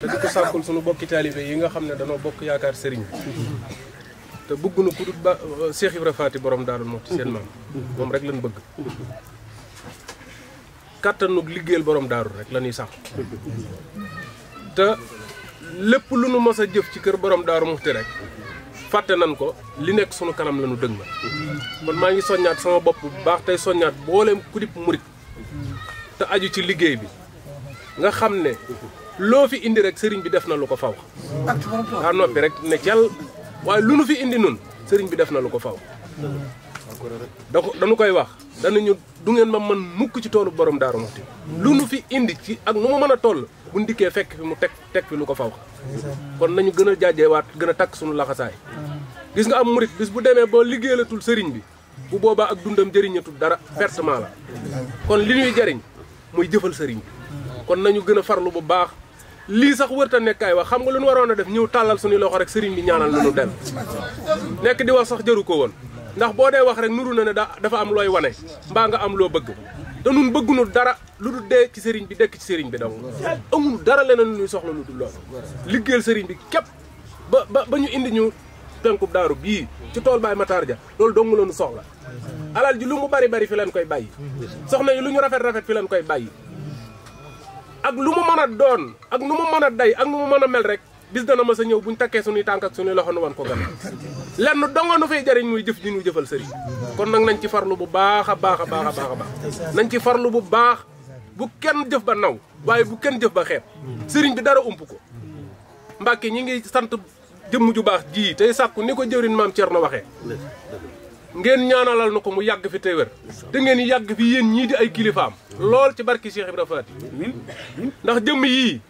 te di ko sàkkul suñu bokki taalibe yi nga xam ne danoo bokk yaakaar sëriñ bi te bëgg nu ku dut ba euh, Cheikh Ibra Faati borom Daarul Muxti seen maam moom rek lañ bëgg kàttanu liggéeyal borom daaru rek la ñuy sàkku te lépp lu nu mës a jëf ci kër borom Daaru Muxti rek fàtte nan ko li nekk sunu kanam la ñu dëg ma kon maa ngi soññaat sama bopp bu baax tey soññaat booleem ku dib murit te aju ci liggéey bi nga xam ne loo fi indi rek sëriñ bi def na lu ko faw daa noppi rek ne cel waaye lu nu fi indi nun sëriñ bi def na lu ko faw da danu dañu koy wax danañu du ngeen ma man mukk ci toolu borom daaru Muxti lu nu fi indi ci ak nu ma mën a toll bu ndikkee fekk fi mu teg teg fi lu ko faw kon nañu gën a jaajewaat gën a takk suñu laxasaay gis nga am murit bis bu demee boo liggéeyalatul sëriñ bi bu boobaa ak dundam jëriñatul dara pertement la kon li ñuy jëriñ muy jëfal sëriñ bi kon nañu gën a farlu bu baax lii sax wërta nekk ay wax xam nga lu nu waroon a def ñëw tàllal suñu loxo rek sëriñ bi ñaanal lu nu dem nekk di wax sax jaru ko woon ndax boo dee wax rek nuru na ne dafa am looy wane mbaa nga am loo bëgg te nun bëggunu dara lu du dee ci sëriñ bi dekk ci sëriñ bi donc amul dara leneen lu soxla lu dul lool liggéeyal sëriñ bi képp ba ba ba ñu indi ñu penkub daaru bii ci tool baay Matar ja loolu dong la ñu soxla alal ji lu mu bari bari fi leen koy bàyyi soxna yi lu ñu rafet rafet fi leen koy bàyyi ak lu mu mën a doon ak nu mu mën a day ak nu mu mën a mel rek bis dana ma sa ñëw buñ takkee suñuy tànk ak suñuy loxo nu wan ko gan lenn donga nu fay jariñ muy jëf ji ñu jëfal sëriñ kon nag nañ ci farlu bu baax a baax a baax baax a baax nañ ci farlu bu baax bu kenn jëf ba naw waaye bu kenn jëf ba sëriñ bi dara ump ko Mbàkke ñi ngi sant jëmm ju baax jii tey sàkku ni ko jëwriñ maam Cerno waxee ngeen ñaanalal na ko mu yàgg fi téwér te ngeen yàgg fi yéen ñii di ay kilifaam lool ci barki Cheikh Ibra Faati ndax jëmm yii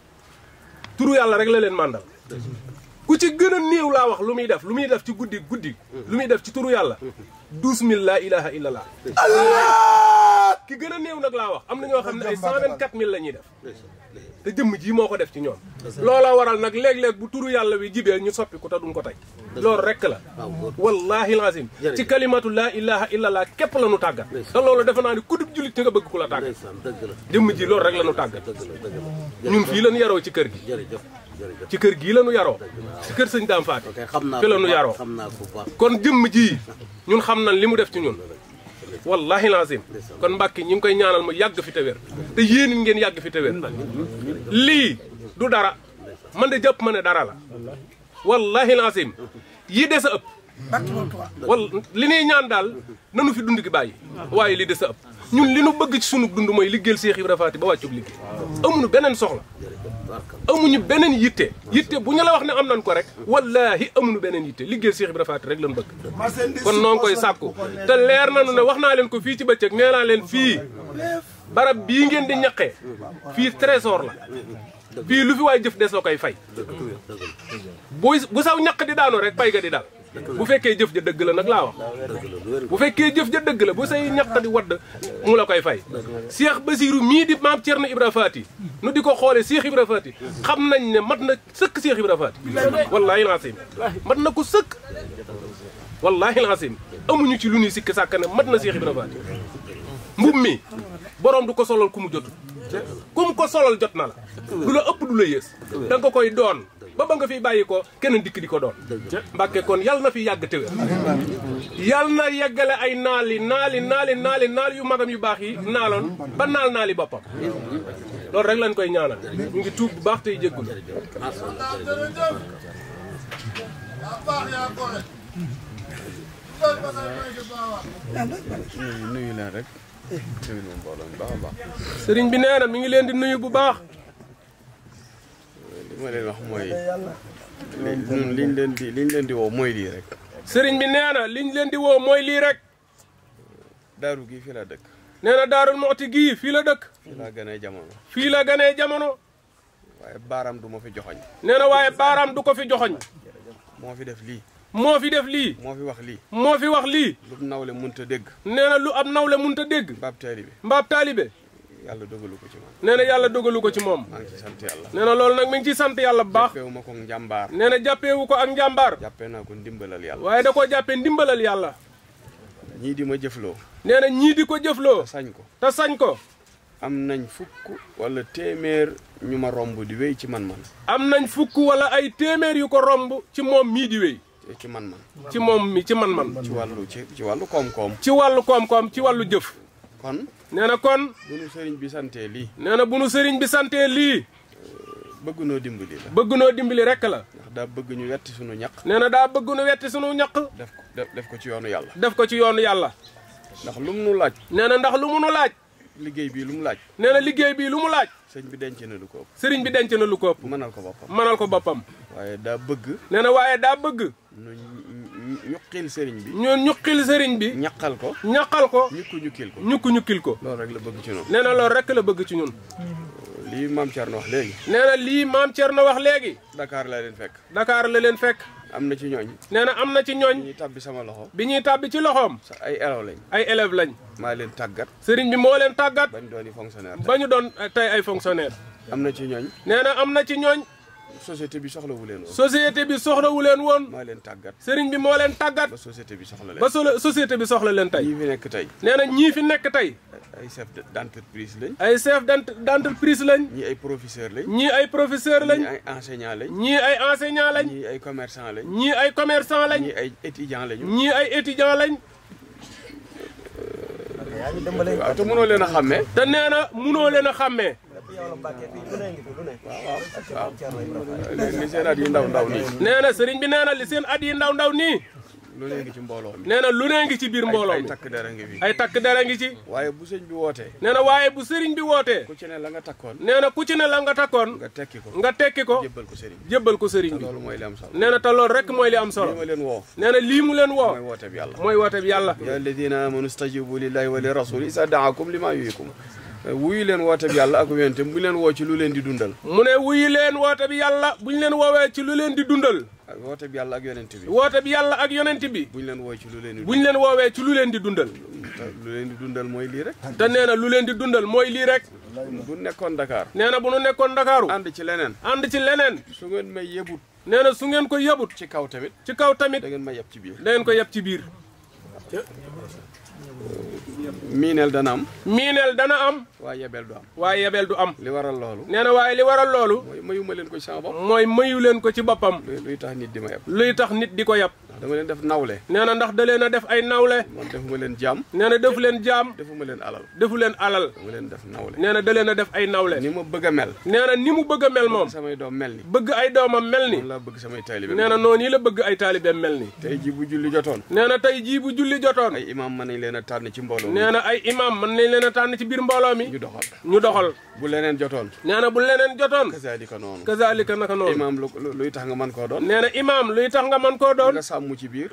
turu yàlla rek la leen màndal ku ci gën a néew laa wax lu muy def lu muy def ci guddi guddi lu muy def ci turu yàlla douze mille laa ilaha illa allah allah ki gën néew nag laa wax am na ñoo xam ne ay cent vingt-quatre mille la ñuy def te jëmm ji moo ko def ci ñoom loola waral nag léeg-léeg bu turu yàlla wi jibee ñu soppi ko te duñ ko tey loolu rekk la wallahi lazim ci kalimatu laa ilaha illa allah képp la nu tàggat te loolu defe naa ni kudub julit te nga bëgg ku la tàggat jëmm ji loolu rek la tàggat ñun fii la yaroo ci kër gi ci kër gii la yaroo ci kër sëñ daam faati fi la yaroo kon jëmm ji ñun xam nañ li mu def ci ñun wallahi lazim kon Mbàkke ñu ngi koy ñaanal mu yàgg fi te te yéen it ngeen yàgg fi te wér lii du dara man de jàpp ma ne dara la wallahi lazim yi des a ëpp wal li ñuy ñaan daal nanu fi dund gi bàyyi waaye lii des a ëpp ñun li nu bëgg ci sunu dund mooy liggéeyal Seex Ibra Faati ba wàccub liggéey amuñu beneen soxla amuñu beneen yitte yitte bu ñu la wax ne am nañ ko rek wallaahi amuñu beneen yitte liggéeyal Seex Ibra Faati rek lañ bëgg kon noo ngi koy sàkku te leer nañu ne wax naa leen ko fii ci bëccëg nee leen fii barab bii ngeen di ñaqe fii trésor la fii lu fi waay jëf des la koy fay bu bu saw ñaq di daanu rek pay ga di daal bu fekkee jëf ja dëgg la nag laa wax bu fekkee jëf ja dëgg la bu say ñaxta di wadd mu la koy fay Cheikh Basirou mii di maam Thierno Ibra Faty nu di ko xoolee Cheikh Ibra Faty xam nañ ne mat na sëkk Cheikh Ibra Faty wallaahi laasim mat na ko sëkk wallaahi laasim amuñu ci lu ñuy sikk sàkk ne mat na Cheikh Ibra Faty mbub mi borom du ko solal ku mu jotul ku ko solal jot na la du la ëpp du la yées da nga koy doon ba ba nga fiy bàyyi ko keneen dikk di ko doon mbàkke kon yàlla na fi yàgg téwér yàlla na yeggale ay naali yi naali naali naal yu magam yu baax yi naaloon ba naal naali boppam loolu rek lañ koy ñaanal ñu ngi tuub bu baax tey jéggul nuyu leen rek. sëriñ bi nee na ngi leen di nuyu bu baax. li ma leen wax mooy ñun liñ leen di liñ leen di woo mooy lii rek. sëriñ bi nee na liñ leen di woo mooy lii rek. daaru gii fii la dëkk. nee na moo moxti gii fii la dëkk. fii la gënee jamono. fii la ganee jamono. waaye baaraam du ma fi joxoñ. nee na waaye baaraam du ko fi joxoñ. moo fi def lii. moo fi def lii. moo fi wax lii. moo fi wax lii. lu nawle mënut a dégg. nee na lu ab nawle mënut a dégg. mbaab taalibe. mbaab yàlla dogalu ko ci moom na yàlla dogalu ko ci moom maa ngi nee na loolu nag mi ngi sant yàlla bu baax jàppeewu ma ko njàmbaar na jàppeewu ko ak njàmbaar jàppee naa ko ndimbalal yàlla waaye da koo jàppee ndimbalal yàlla ñii di ma jëfloo nee na ñii di ko jëfloo te sañ ko te sañ ko am nañ fukk walla téeméer ñu ma romb di wéy ci man-man am nañ fukk wala ay téeméer yu ko romb ci moom mii di wéy ci man-man ci moom mi ci man-man ci wàllu ci ci wàllu koom-koom ci wàllu koom ci wàllu jëf nee na kon. bu nu sëriñ bi santee lii. nee na bu nu sëriñ bi santee lii. bëgg noo dimbali la. bëgg noo dimbali rek la. ndax daa bëgg ñu wetti sunu ñaq. nee na daa bëgg ñu wetti sunu ñaq. def ko def ko ci yoonu yàlla. def ko ci yoonu yàlla. ndax lu mu nu laaj. nee na ndax lu mu nu laaj. liggéey bii lu mu laaj. nee na liggéey bii lu mu laaj. sëriñ bi denc na lu ko ëpp. sëriñ bi denc na lu ko ëpp. mënal ko boppam mënal ko boppam. waaye daa bëgg. nee na waaye daa bëgg. ñuqil sëriñ bi ñoon ñuqil sëriñ bi ñaqal ko ñaqal ko ñukku ñukkil ko ñukku ñukkil ko loolu rek la bëgg ci ñun nee na loolu rek la bëgg ci ñun lii maam Thierno wax léegi nee lii maam na wax léegi Dakar la leen fekk Dakar la leen fekk am na ci ñooñ nee na am na ci ñooñ bi ñuy sama loxo bi ñuy tàbbi ci loxoom ay élève lañ ay élève lañ maa leen tàggat sëriñ bi moo leen tàggat ba ñu doon fonctionnaire ba ñu doon tey ay fonctionnaire am na ci ñooñ société bi soxlawu leen woon. société bi soxlawu leen woon. moo leen tàggat. sëriñ bi moo leen tàggat. ba société bi soxla leen ba so société bi soxla leen tey. ñii fi nekk tey. nee na ñii fi nekk tey. ay chef d' entreprise lañ. ay chef d' entreprise lañ. ñii ay professeur lañ. ñii ay professeur lañ. ñii ay enseignant lañ. ñii ay enseignant lañ. ñii ay commerçant lañ. ñii ay commerçant lañ. ñii ay étudiant lañ. ñii ay étudiant lañ. te mënoo leen a xàmmee. te nee na mënoo leen a xàmmee. waaw waaw li seen at yi ndaw ndaw nii. nee na sëriñ bi nee na li seen at yi ndaw ndaw ni lu ne ci mbooloo nee na lu ne ngi ci biir mbooloo mi ay takk dara ngi fi ay takk dara ngi ci waaye bu sëriñ bi wootee nee na waaye bu sëriñ bi wootee ku ci la nga takkoon na ku ci ne la nga takkoon tekki ko nga tekki ko jébbal ko sëriñ bi jébbal ko sëriñ bi loolu mooy li am solo nee na rek mooy li am solo leen woo nee na lii mu leen woo mooy woote bi yàlla mooy woote bi yàlla ya alladina amanu stajibu lillahi wa li rasuli isa daakum li ma yuyikum wuyu leen woote bi yàlla ak yonente bu leen woo ci lu leen di dundal mu ne wuyu leen woote bi yàlla buñ leen woowee ci lu leen di dundal ak woote bi yàlla ak yonente bi woote bi yàlla ak yonente bi buñ leen woo ci lu leen di buñ leen woowee ci lu leen di dundal lu leen di dundal mooy lii rek te nee na lu leen di dundal mooy lii rek bu nekkoon Dakar nee na bu nu nekkoon Dakaaru ànd ci leneen ànd ci leneen su ngeen may yebut nee na su ngeen ko yebut ci kaw tamit ci kaw tamit da ngeen may yeb ci biir da ngeen ko yeb ci biir miineel dana am miineel dana am waaye yebeel du am waaye yebeel du am li waral loolu nee na waaye li waral loolu mooy mayu ma leen ko ci sama bopp mooy mayu leen ko ci boppam luy tax nit di ma yab luy tax nit di ko yab dama leen def nawle nee na ndax da leen a def ay nawle man leen jaam nee na defu leen jaam defuma leen alal defu leen alal leen def nawle nee na da leen a ay nawle ni ma bëgg mel nee ni mu bëgg a mel moom samay doom mel ni bëgg ay doomam mel ni la bëgg samay taalibe nee na noonu yi la bëgg ay taalibeem mel ni tey jii bu julli jotoon nee na tey bu julli jotoon ay imaam mën nañ leen a tànn ci mbooloo nee na ay imaam mën nañ leen a tànn ci biir mbooloo mi ñu doxal doxal bu leneen jotoon nee na bu leneen jotoon kazalika noonu kazalika naka noonu imaam luy tax nga mën koo doon nee na imaam luy tax nga mën sàmm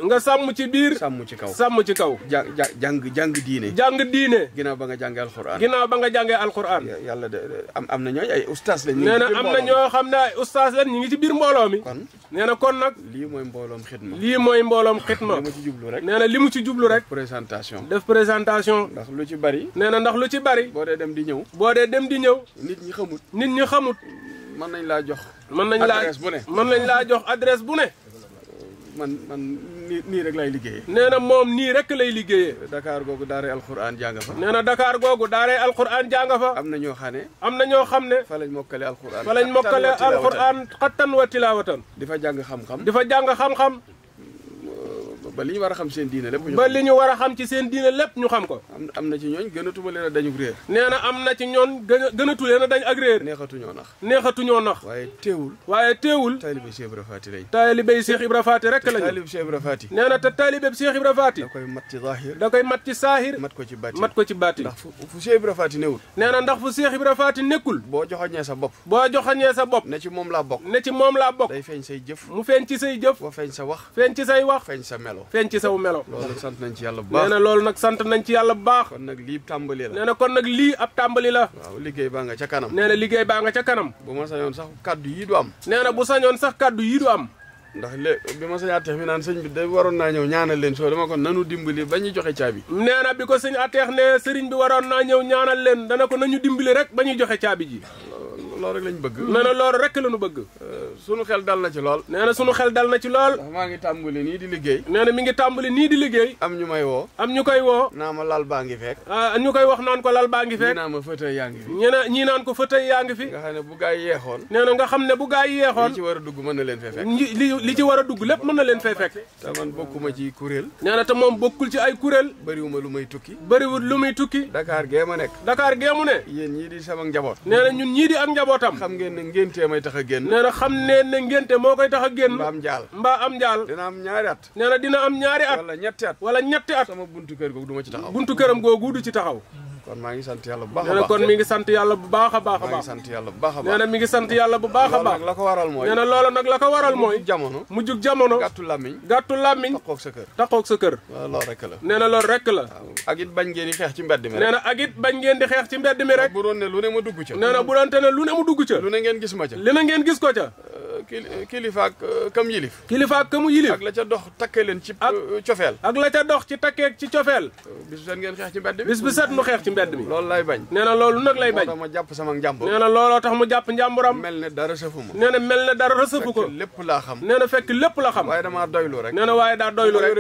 nga sàmm ci biir sàmm ci kaw sàmm ci kaw ja jàng jàng diine jàng diine ginnaaw ba nga jàngee alquran ginnaaw ba nga jàngee alquran yàlla de am am na ñooy ay lañ nee na am na ñoo xam ne ay ustaas ngi ci biir mbooloo mi kon nee na kon nag lii mooy mbooloom xitma lii mooy mbooloom xitma li mu ci jublu rek nee na li mu ci jublu rek présentation def présentation ndax lu ci bari nee na ndax lu ci bari boo dee dem di ñëw boo dee dem di ñëw nit ñi xamut nit ñi xamut mën nañ laa jox mën nañ laa mën nañ jox adresse bu ne man man nii rek lay liggéeyee. nee na moom nii rek lay liggéeyee. Dakar googu daaree alxuraan jàng fa. nee na Dakar googu daaree alxuraan jàng fa. am na ñoo xam ne. am na ñoo xam ne. fa lañ mokkale alxuraan. fa lañ mokkale alxuraan xattan wa tilaawatan. di fa jàng xam-xam. di fa jàng xam-xam. ba li ñu war a xam seen diine lépp ñu ba li ñu war a xam ci seen diine lépp ñu xam ko am na ci ñooñ gënatuma leen a dañu réer nee na am na ci ñoon gën a gënatu leen a dañ ak réer neexatuñoo nax neexatuñoo nax waaye teewul waaye teewul taalibé Cheikh Ibra Faty lañ taalibé Cheikh Ibra Faty rek lañ taalibé Cheikh Ibra Faty nee na te Cheikh Ibra Faty da koy mat ci zahir da koy mat ci saahir mat ko ci baatin mat ko ci baatin ndax fu Cheikh Ibra Faty newul nee ndax fu Cheikh Ibra Faty nekkul boo joxoñee sa bopp boo joxoñee sa bopp ne ci moom laa bokk ne ci moom laa bokk day feeñ say jëf mu feeñ ci say jëf boo feeñ sa wax feeñ ci say wax feeñ sa melo melo feeñ ci saw melo loolu nag sant nañ ci yàlla bu baax nee na loolu nag sant nañ ci yàlla bu baax kon nag lii tàmbali la nee na kon nag lii ab tàmbali la waaw baa nga ca kanam nee na liggéey baa nga ca kanam bu ma sañoon sax kaddu yii du am nee na bu sañoon sax kaddu yii du am ndax léegi bi ma mi naan sëñ bi da waroon naa ñëw ñaanal leen soo dama ko nanu dimbali ba ñuy joxe caabi nee na bi ko sëñ atteex ne sëriñ bi waroon naa ñëw ñaanal leen dana ko nañu dimbali rek ba ñuy joxe caabi ji loolu rek lañ bëgg. nee na loolu rek lañu bëgg. Euh, sunu xel dal na ci lool. nee na sunu xel dal na ci lool. ndax maa ngi tàmbali nii di liggéey. nee na mi ngi tàmbali nii di liggéey. am ñu may woo. am ñu koy woo. naa ma lal baa ngi fekk. Ah, ñu koy wax naan ko lal baa ngi fekk. ñii naan ma fëtëy yaa ngi fi. ñii naan ñii naan ko fëtëy yaa ngi fi. nga xam ne bu gaa yi yeexoon. nee na nga xam ne bu gaa yi yeexoon. li ci war a dugg mën na leen fee fekk. li li ci war a dugg lépp mën na leen fee fekk. te man bokkuma ci kuréel. nee na te moom bokkul ci ay kuréel. bëriwuma lu may tukki. bëriwul lu muy tukki. Dakar gee ma nekk. Dakar gee mu ne. yéen ñii di sama njaboot. nee na ñun ñii di ak njaboot njabootam xam ngeen ne ngénte may tax a génn nee na xam ne ne ngénte moo koy tax a génn mbaa am njaal mbaa am njaal dina am ñaari at nee dina am ñaari at wala ñetti at wala ñetti at sama buntu kër googu du ma ci taxaw buntu këram googu du ci taxaw kon maa ngi sant yàlla bu baax a baax nee na kon mi ngi sant yàlla bu baax a baax a baax ngi sant yàlla bu baax a baax nee na mi bu baax a baax la ko waral na loola nag la ko waral mooy jamono mu jug jamono gàttu làmmiñ gàttu làmmiñ taxoog sa kër taxoog sa kër loolu rek la nee na loolu rek la ak bañ ngeen di xeex ci mbedd mi nee na ak it bañ ngeen ci mbedd mi rek bu doon ne lu ne ma dugg ca nee na bu doon te ne lu ne mu dugg ca lu ne ngeen gis ma ca li na ngeen gis ko ca euh, kilifaak kam yilif kilifaak kamu yilif ak la ca dox takkee leen ci cofeel ak la ca dox ci takkee ci cofeel bis bu set ngeen xeex ci mbedd mi bis bu set nu xeex ci mbedd mi loolu lay bañ nee na loolu nag lay bañ moo tax ma jàpp sama njàmbur nee na looloo tax mu jàpp njàmburam mel ne dara sëfu ma nee na mel ne dara sëfu ko lépp laa xam nee na fekk lépp la xam waaye damaa doylu rek nee na waaye daa doylu rek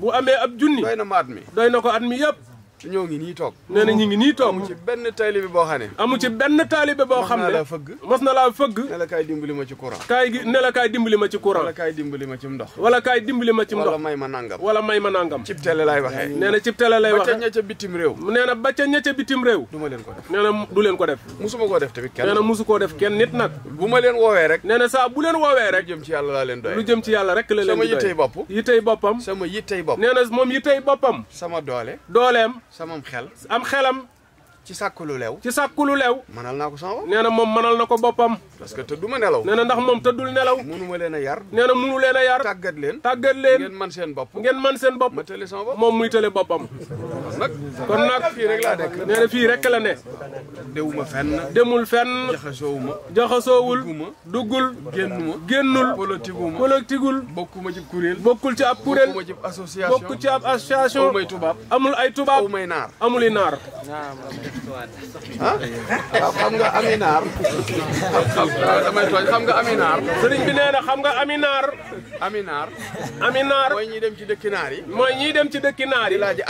bu amee ab junni doy na ma at mi doy na ko at mi yëpp ñoo ngi nii toog nee na ñu ngi nii toog amu ci benn taalibe boo xam ne amu ci benn taalibe boo xam ne mos na laa fëgg ne la kaay dimbali ma ci courant kaay gi ne la kaay dimbali ma ci courant wala kaay dimbali ma ci ndox wala kaay dimbali ma ci ndox wala may ma nangam wala may ma nangam cib télé lay waxee nee na cib télé lay waxee ba ca ña ca bitim réew nee na ba ca ña ca bitim réew du ma leen ko def nee na du leen ko def musuma koo def tamit kenn nee na musu koo def kenn nit nag bu ma leen woowee rek nee na saa bu leen woowee rek lu jëm ci yàlla laa leen doy lu jëm ci yàlla rek la leen doy sama yittey bopp yittey boppam sama yittey bopp nee na moom yittey boppam sama doole dooleem sama xel am xelam ci sàkku leew ci sàkku lu leew mënal naa ko sama nee na moom mënal na ko boppam parce que tëdduma nelaw nee na ndax moom tëddul nelaw munuma leen a yar nee na munu leen a yar tàggat leen tàggat ngeen man seen bopp ngeen man seen bopp ma tële sama bopp moom muy tële boppam nag kon nag fii rek laa nee na fii rek la ne dewuma fenn demul fenn jaxasoowuma jaxasoowul duggul génnuma génnul politiguma politigul bokkuma ci kuréel bokkul ci ab kuréel bokkuma ci association bokku ci ab association amul ay tubaab amul ay tubaab amul i naar ah waaw xam nga xam nga aminaar sëriñ bi nee xam nga aminaar aminaar aminaar mooy ñiy dem ci dëkki yi mooy ñiy dem ci dëkki yi di laaji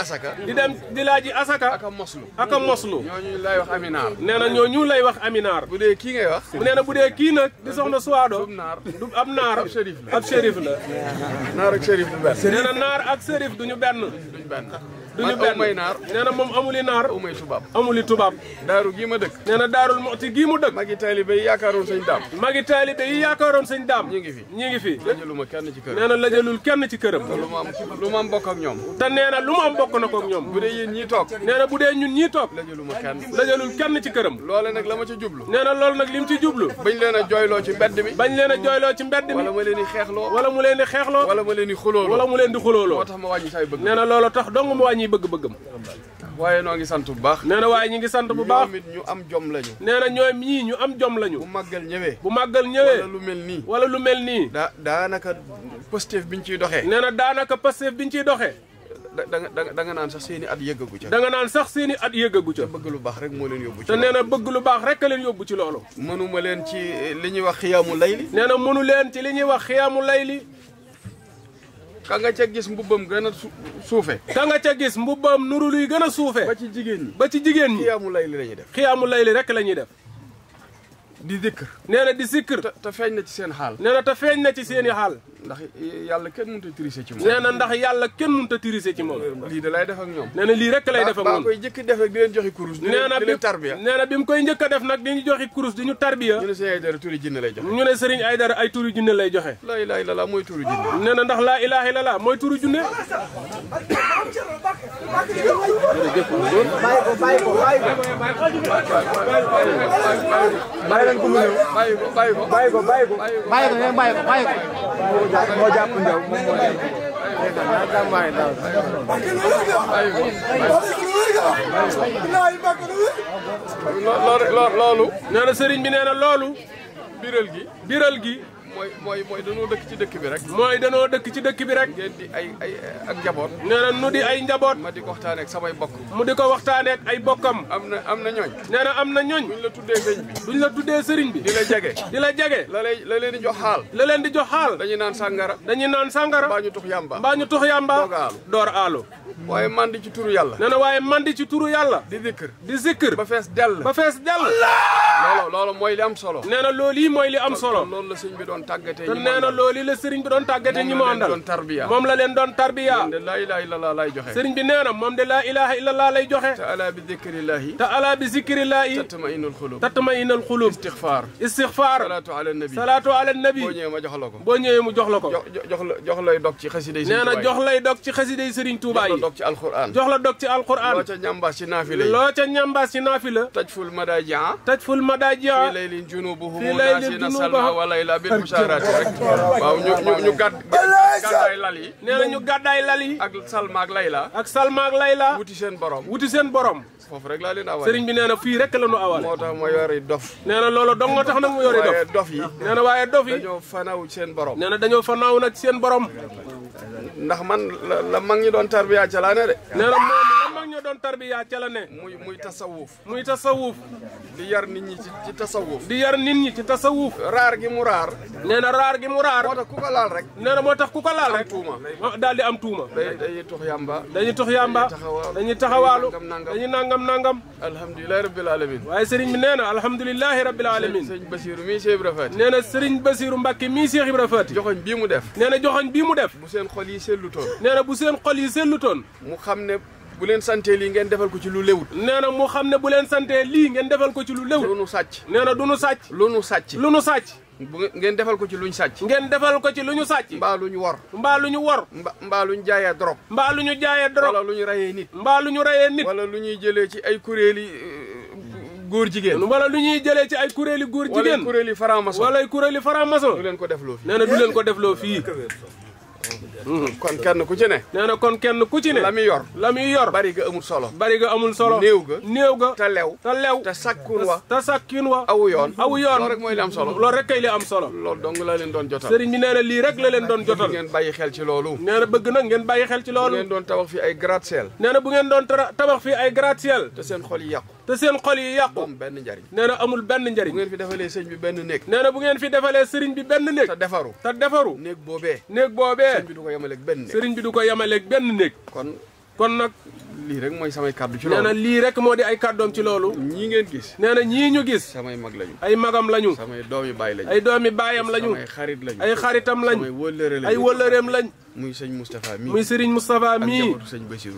di dem di laaji asaka moslu aka moslu ñooñu lay wax aminaar nee na ñooñu lay wax aminaar bu dee kii ngay wax nee na bu dee kii nag di soxna suwaado du ab naar ab shérif la naar ak shérif du benn nee naar ak shérif duñu benn benn du ñu benn umay naar nee na moom amuli naar umay tubaab amuli tubaab daaru gii ma dëkk nee na daarul moti gii mu dëkk magi taalibe yi yaakaaroon sëñ daam magi taalibe yi yaakaaroon sëñ daam ñi ngi fi ñi ngi fi lajaluma kenn ci këram nee na lajalul kenn ci këram lu ma am lu ma am bokk ak ñoom te nee na lu ma am bokk na ko ak ñoom bu dee yéen ñii toog nee na bu dee ñun ñii toog lajaluma kenn lajalul kenn ci këram loole nag la ma ci jublu nee na loolu nag li mu ci jublu bañ leen a jooyloo ci mbedd mi bañ leen a jooyloo ci mbedd mi wala ma leen di xeexloo wala mu leen di xeexloo wala ma leen di xulooloo wala mu leen di xulooloo moo tax ma wàññi say bëgg nee na loolu tax dong ma wàññi bëgg bëgg ma waaye noo ngi sant bu baax nee na waaye ñi ngi sant bu baax ñoom ñu am jom lañu nee na ñoom ñii ñu am jom lañu bu màggal ñëwee bu màggal ñëwee lu mel nii wala lu mel nii daa daanaka Pastef bi ñu ciy doxee nee na daanaka Pastef bi ñu ciy doxee da nga da nga naan sax seeni at yëggagu ca da nga naan sax seeni at yëggagu ca bëgg lu baax rek moo leen yóbbu ci te nee na bëgg lu baax rek a leen yóbbu ci loolu mënuma leen ci eh, li ñuy wax xiyaamu layli nee na mënu leen ci li ñuy wax xiyaamu layli ka nga ca gis mbubbam gën a suufe ka nga ca gis mbubbam nuru luy gën a suufe ba ci jigéen ñi ba ci jigéen ñi xiyaamu lay li la ñuy def xiyaamu lay li rek la ñuy def di dikkër nee na di sikkër te feeñ na ci seen xaal nee na te feeñ na ci seen i xaal ndax yàlla kenn mënut a tirise ci moom. nee na ndax yàlla kenn mënut ci moom. lii da lay def ak ñoom. nee lii rek lay def ak moom koy njëkk a def ak di leen joxi kurus. di leen tarbiya nee na bi mu koy njëkk a def nag di ñu joxi kurus di ñu tarbiya. ñu ne Serigne Aydara turi jinne lay joxe. ñu ne Serigne Aydara ay turi junne lay joxe. laa ilaaha illa mooy turi junne. nee na ndax laa ilaaha illa llaah mooy turi junne. bàyyi ko bàyyi ko moo jàpp ndaw moom loolu loolu sëriñ bi nee na loolu biral gi biral gi mooy mooy mooy danoo dëkk ci dëkk bi rek mooy danoo dëkk ci dëkk bi rek ngeen di ay ay ak njaboot nee na nu di ay njaboot ma di ko samay bokk mu di ko waxtaanee ay bokkam am na am na ñooñ nee na am na ñooñ duñ la tuddee sëriñ bi duñ la tuddee sëriñ bi di la jege di la jage la lay leen di jox xaal la leen di jox xaal dañuy naan sangara dañuy naan sàngara mbaa ñu tux yàmba mbaa ñu tux yàmba door aalo waaye mandi ci turu yàlla nee na waaye mandi ci turu yàlla di zikr di zikr ba fees dell ba fees dell loolu loolu mooy li am solo nee na loolu li am solo loolu la sëriñ bi doon tàggate te nee na loolu la sëriñ bi doon tàggate ñi mu àndal doon tarbiya moom la leen doon tarbiya moom de laa ilaha illallah lay joxe sëriñ bi nee na moom de laa ilaha illallah lay joxe te ala bi zikrillahi te ala bi zikrillahi tatmainul xulub tatmainul xulub istixfaar istixfaar salaatu ala nabi salaatu ala nabi boo ñëwee ma jox la ko mu jox jox jox lay dog ci xasida yi nee jox lay dog ci xasida yi sëriñ yi ci alquran jox la dog ci alquran loo ca ñambaas ci naafila loo ca ñambaas ci naafila tajful madajia tajful madajia fii laylin junubuhum naasina salma wa layla bil musharati rek waaw ñu ñu ñu gàdd gàddaay lal yi nee na ñu gàddaay lal yi ak salma ak layla ak salma ak layla wuti seen borom wuti seen borom foofu rek laa leen awal sëriñ bi nee na rek la ñu moo tax ma yori dof nee na loolu dong nga tax nag mu waaye dof yi dañoo fanaaw seen borom nee na dañoo fanaaw nag seen borom ndax man la mag ñi doon tarbiya ca laa ne de nee na moom la mag doon tarbiya ca la muy muy tasawuf muy tasawuf di yar nit ñi ci tasawuf di yar nit ñi ci tasawuf raar gi mu raar nee na raar gi mu raar moo tax ku ko laal rek nee na moo tax ku ko laal rek tuuma daal di am tuuma dañuy tox yamba dañuy tox yamba dañuy taxawaalu dañuy nangam nangam alhamdulilahi rabbil alamin waaye sëriñ bi nee na alhamdulilahi rabbil alamin sëriñ Basiru mii Cheikh Ibra Faati nee na sëriñ Basiru Mbàkke mii Cheikh Ibra Faati joxoñ bii mu def nee na joxoñ bii mu def bu seen xol yi sellutoon nee na bu seen xol yi sellutoon mu xam ne bu leen santee lii ngeen defal ko ci lu léwut nee na mu xam ne bu leen santee lii ngeen defal ko ci lu léwut lu nu sàcc nee na du nu sàcc lu nu sàcc lu nu sàcc bu ngeen defal ko ci luñ sàcc ngeen defal ko ci lu ñu sàcc mbaa lu ñu wor mbaa lu ñu wor mbaa lu ñu jaayee drogue mbaa lu ñu jaayee drogue wala lu ñu rayee nit mbaa lu ñu rayee nit wala lu ñuy jëlee ci ay kuréeli euh, góor jigéen wala lu ñuy jëlee ci ay kuréeli góor jigéen wala kuréeli franc-maçon wala kuréeli franc-maçon du leen ko defloo fii nee na du leen ko defloo fii kon kenn ku ci ne nee na kon kenn ku ci ne la muy yor la muy yor bari ga amul solo bari ga amul solo néew ga néew ga te lew te lew te sakkuun wa te sakkuun wa awu yoon awu yoon loolu rek mooy li am solo loolu rek kay li am solo loolu dong la leen doon jotal sëriñ bi nee na lii rek la leen doon jotal ngeen bàyyi xel ci loolu nee na bëgg nag ngeen bàyyi xel ci loolu ngeen doon tabax fii ay gratte-ciel nee na bu ngeen doon tabax fii ay gratte-ciel te seen xol yi yàqu te seen xol yi yàqu am benn njariñ nee na amul benn njariñ bu ngeen fi defalee sëriñ bi benn néeg nee na bu ngeen fi defalee sëriñ bi benn néeg te defaru te defaru néeg boobee néeg boobee sëriñ bi du ko yemaleeg benn néeg sëriñ bi du ko yemaleeg benn néeg kon kon nag lii rek mooy samay kàddu ci loolu lii rek moo di ay kàddoom ci loolu ñii ngeen gis nee na ñii ñu gis samay mag lañu ay magam lañu samay doomi baay lañu ay doomi baayam lañu ay xarit lañu ay xaritam lañu ay wëllëre lañu ay wëllëreem lañ muy sëñ Moustapha mii muy sëriñ Moustapha mii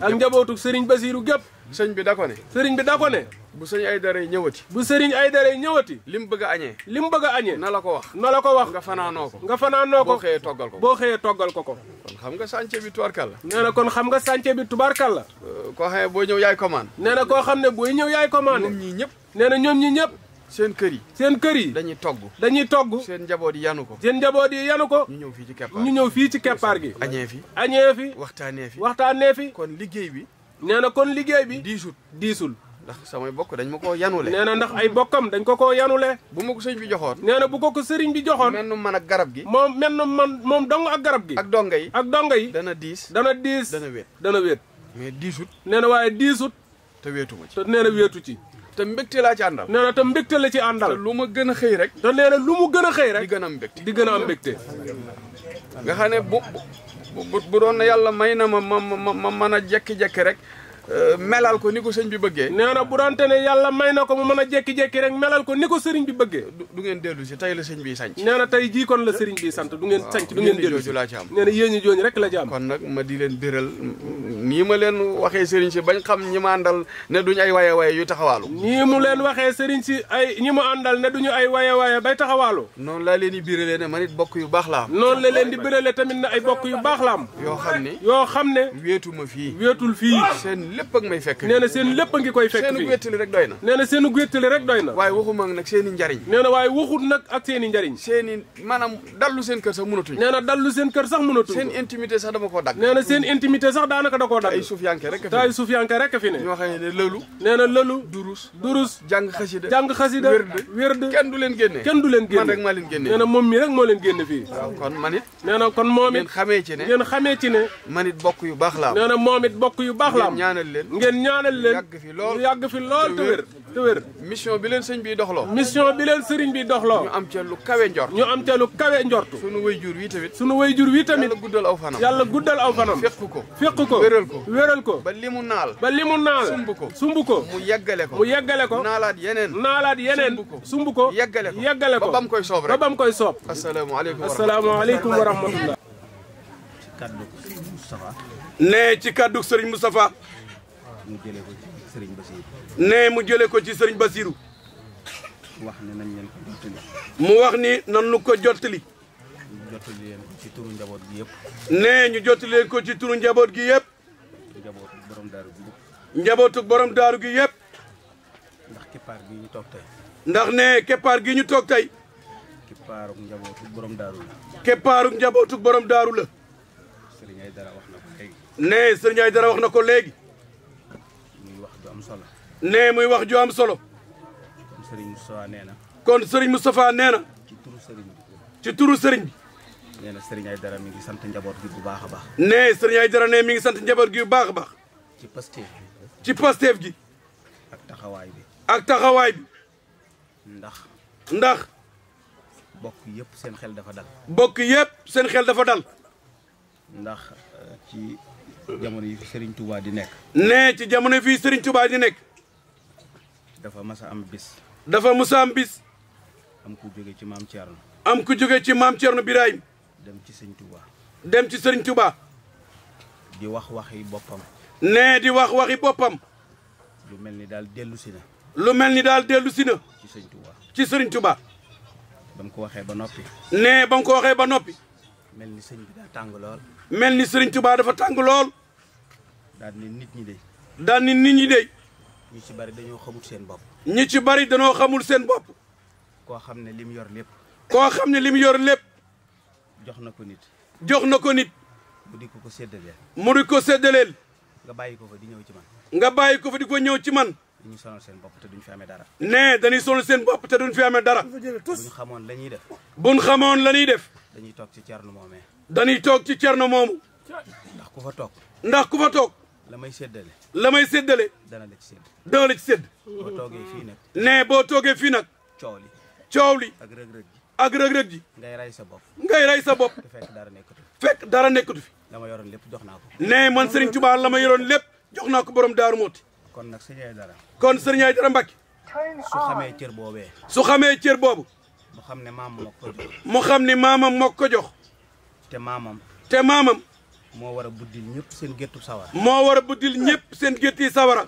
ak njabootu sëriñ Basiru gépp sëñ bi da ko ne sëriñ bi da ne bu sëñ ay dara ñëwati bu sëriñ ay dara ñëwati li mu bëgg añee li mu bëgg a na la ko wax na la ko wax nga fanaanoo ko nga fanaanoo ko boo xëyee toggal ko boo xëyee toggal ko ko kon xam nga sànce bi tubaarkàlla nee na kon xam nga sànce bi tubaarkàlla euh, koo xam ne booy ñëw yaay commande nee na koo xam ne booy ñëw yaay commande ñoom ñii ñëpp nee na ñoom ñi ñëpp seen kër yi seen kër yi dañuy togg dañuy togg seen njaboot yi yanu ko seen njaboot yi yanu ko ñu ñëw fii ci keppaar ñu ñëw fii ci keppaar gi añee fi añee fi waxtaanee fi waxtaanee fi kon liggéey bi nee na kon liggéey bi diisul diisul ndax samay bokk dañ ma koo yanu le neena ndax ay bokkam dañ ko koo yanule bu ma ko sëñ bi joxoon nee na bu ko ko sëriñ bi joxoon menn man ak garab gi moom menn man moom dong ak garab gi ak donga yi ak donga yi dana diis dana diis dana dana wéet mais diisut. nee na waaye diisut. te weetu ma ci te nee weetu ci. te mbégte laa ci àndal. nee na te mbégte la ci àndal. te lu ma gën a xëy rek. te nee na lu mu gën a xëy rek. gën a am di gën a am mbégte. nga xam ne bu bu bu doon na yàlla may na ma ma ma ma mën a jekki rek. Euh, melal ko ni ko sëñ bi bëggee nee na bu doonte ne yàlla may na ko mu mën a jekki-jekki rek melal ko ni ko sëriñ bi bëggee du ngeen dellu si tey la sëñ bi sanc nee na tey jii kon la sëriñ bi sant du ngeen sanc du ngeen dellu si laa ci am nee na yéen ñi jooñu rek la ci am kon nag ma di leen béral nii ma leen waxee sëriñ si bañ xam ñi ma àndal ne duñu ay waye waye yu taxawaalu nii mu leen waxee sëriñ si ay ñi mu àndal ne duñu ay waye waye bay taxawaalu noonu laa leen di béralee ne man it bokk yu baax la am noonu la leen di bérale tamit ne ay bokk yu baax la am yoo xam ne yoo xam ne wéetuma fii wéetul fii lépp ak may fekk nee na seen lépp a ngi koy fekk seenu wéttali rek doy na nee waaye waxuma nag seen i njariñ nee waaye waxut nag ak njariñ seen i dallu seen kër sax mënatuñ nee na dallu seen kër sax mënatuñ seen intimité sax dama koo dagg nee na seen intimité sax daanaka da koo dagg ay suuf yanke fi ne ñoo ne lëlu durus durus jàng xasida jàng xasida wérd leen génne kenn leen génne man rek maa leen génne moo leen génne fii waaw kon man it nee na kon moom ñaanal leen ngeen ñaanal leen yàgg fi lool yàgg fi lool te wér te wér mission bi leen sëñ bi doxloo mission bi leen sëriñ bi doxloo ñu am ca lu kawe njort ñu am ca lu kawe njortu sunu way jur wi tamit sunu way jur wi tamit yàlla guddal aw fanam yàlla guddal aw fanam fekk ko fekk ko wéral ko wéral ko ba li mu naal ba li mu naal sumb ko sumb ko mu yeggale ko mu yeggale ko naalaat yeneen naalaat yeneen sumb ko yeggale ko yeggale ko ba bam koy soob rek ba bam koy soob asalaamaaleykum asalaamaaleykum wa rahmatullah ne ci kàddu Serigne Moustapha mu Basiru. mu jëlee ko ci wax ne nañ leen ko jottali. mu wax ni nan lu ko jottali. ñu jottali ci turu njaboot gi yëpp. nee ñu jottali leen ko ci turu njaboot gi yëpp. njabootu borom daaru gi yëpp. borom daaru gi yëpp. ndax keppaar gi ñu toog tey. ndax ne keppaar gi ñu toog borom borom la. wax wax ne muy wax ju am solo. kon Serigne Moustapha nee na. kon sëriñ mu Moustapha nee na. ci turu sëriñ bi. ci nee na Serigne dara mi ngi sant njaboot gi bu baax a baax. nee Serigne dara ne mi ngi sant njaboot gi bu baax a baax. ci Pastef gi. ci Pastef gi. ak taxawaay bi. ak taxawaay bi. ndax. ndax. bokk yëpp seen xel dafa dal. bokk yëpp seen xel dafa dal. ndax eh, ci jamono yi fi Serigne Touba di nekk. ne ci jamono fii Serigne Touba di nekk. dafa mas a am bis. dafa mas am bis. am ku jóge ci maam Thierno. am ku jóge ci maam Thierno Birahim. dem ci sëñ Touba. dem ci sëñ Touba. di wax waxi boppam. nee di wax waxi boppam. lu mel ni daal dellu si na. lu mel ni daal dellu si na. ci ci sëriñ Touba. ba mu ko waxee ba noppi. nee ba mu ko waxee ba noppi. mel ni sëñ tàng lool. mel ni sëriñ tubaa dafa tàng lool. daal ni nit ñi de. daal ni nit ñi de. ñu ci bari dañoo xamul seen bopp. ñu ci bari dañoo xamul seen bopp. koo xam ne lim yor lépp. koo xam ne lim yor lépp. jox na ko nit. jox na ko nit. mu di ko ko séddaleel. mu di ko séddaleel. nga bàyyi ko fa di ñëw ci man. nga bàyyi ko fa di ko ñëw ci man. dañuy sonal seen bopp te duñ fi amee dara. nee dañuy sonal seen bopp te duñ fi amee dara. buñ xamoon la ñuy def. buñ xamoon la def. dañuy toog ci cernu moomee. dañuy toog ci cernu moomu. ndax ku fa toog. ndax ku fa toog. la may séddale. la may séddale. dana la ci sédd. dana la ci sédd. toogee fii nag. nee boo toogee fii nag. coow li coow li. ak rëg-rëg ji. ak ngay rey sa bopp. ngay rey sa bopp. fekk dara nekkatu fi. fekk dara nekkatu fi. la ma lépp jox naa ko. nee man Serigne Touba la ma yoroon lépp jox naa ko borom Darou Mouti. kon nag sëñ dara. kon sëñ ay dara Mbacke. su xamee cër boobee. su xamee cër boobu. mu xam ne maamam moo ko jox. mu xam ne maamam moo ko jox. te maamam. te maamam. moo war a buddil ñëpp seen géttu sawara moo war a buddil ñëpp seen gétt yi sawara